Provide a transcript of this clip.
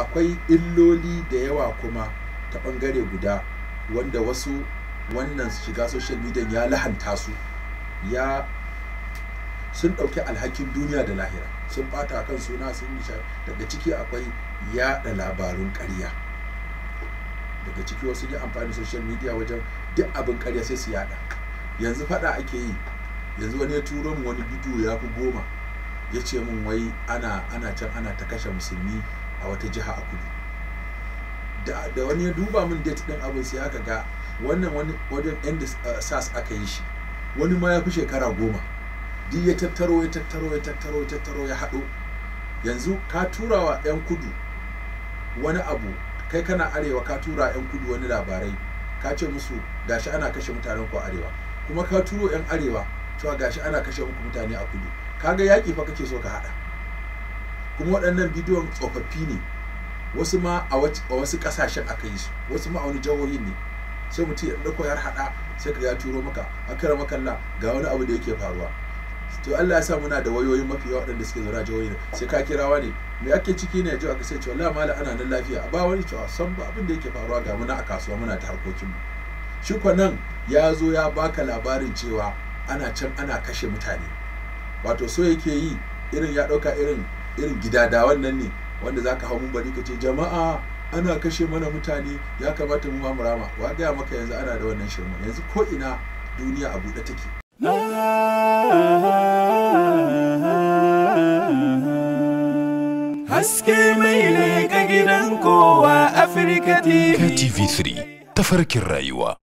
akwai illoli da yawa kuma ta ɓangare guda wanda wasu wannan shiga social media ya lahanta su ya sun ɗauki alhakin duniya da lahira sun ɓata kan suna sun nisha daga ciki akwai yaɗa labarun karya. daga ciki wasu yi amfani social media wajen duk abin karya sai su yada. yanzu faɗa ake yi yanzu wani ya turo mu wani bidiyo ya fi goma ya ce min wai ana ana can ana ta kashe musulmi a wata jiha a kudu da, wani ya duba min date din abin sai aka ga wannan wani wajen yan eh, sas aka yi shi wani ma ya fi shekara goma di ya tattaro ya tattaro ya tattaro ya tattaro ya haɗo yanzu ka tura wa yan kudu wani abu kai kana arewa ka tura yan kudu wani labarai ka ce musu gashi ana kashe mutanen ku arewa kuma ka turo yan arewa cewa gashi ana kashe muku mutane a kudu kaga yaƙi fa kake so ka haɗa kuma waɗannan bidiyon tsofaffi ne wasu ma a wasu ƙasashen aka yi su wasu ma a wani jihohin ne sai mutum ya ɗauko ya haɗa sai ka ya turo maka akara makalla ga wani abu da yake faruwa to Allah ya sa muna da wayoyin mafi yawa waɗanda suke zura jawoyi ne sai ka kirawa ne me ake ciki ne jiwa ka sai ce wallahi mala ana nan lafiya A ba wani cewa san ba abin da yake faruwa ga muna a kasuwa muna ta harkokinmu shi nan ya zo ya baka labarin cewa ana can ana kashe mutane wato so yake yi irin ya ɗauka irin irin gida da wannan ne wanda zaka hau mun bari ka ce jama'a ana kashe mana mutane ya kamata mu ma murama wa gaya maka yanzu ana da wannan shirma yanzu ko ina duniya a buɗe take haske mai ne ga gidan kowa afirka tv3 tafarkin rayuwa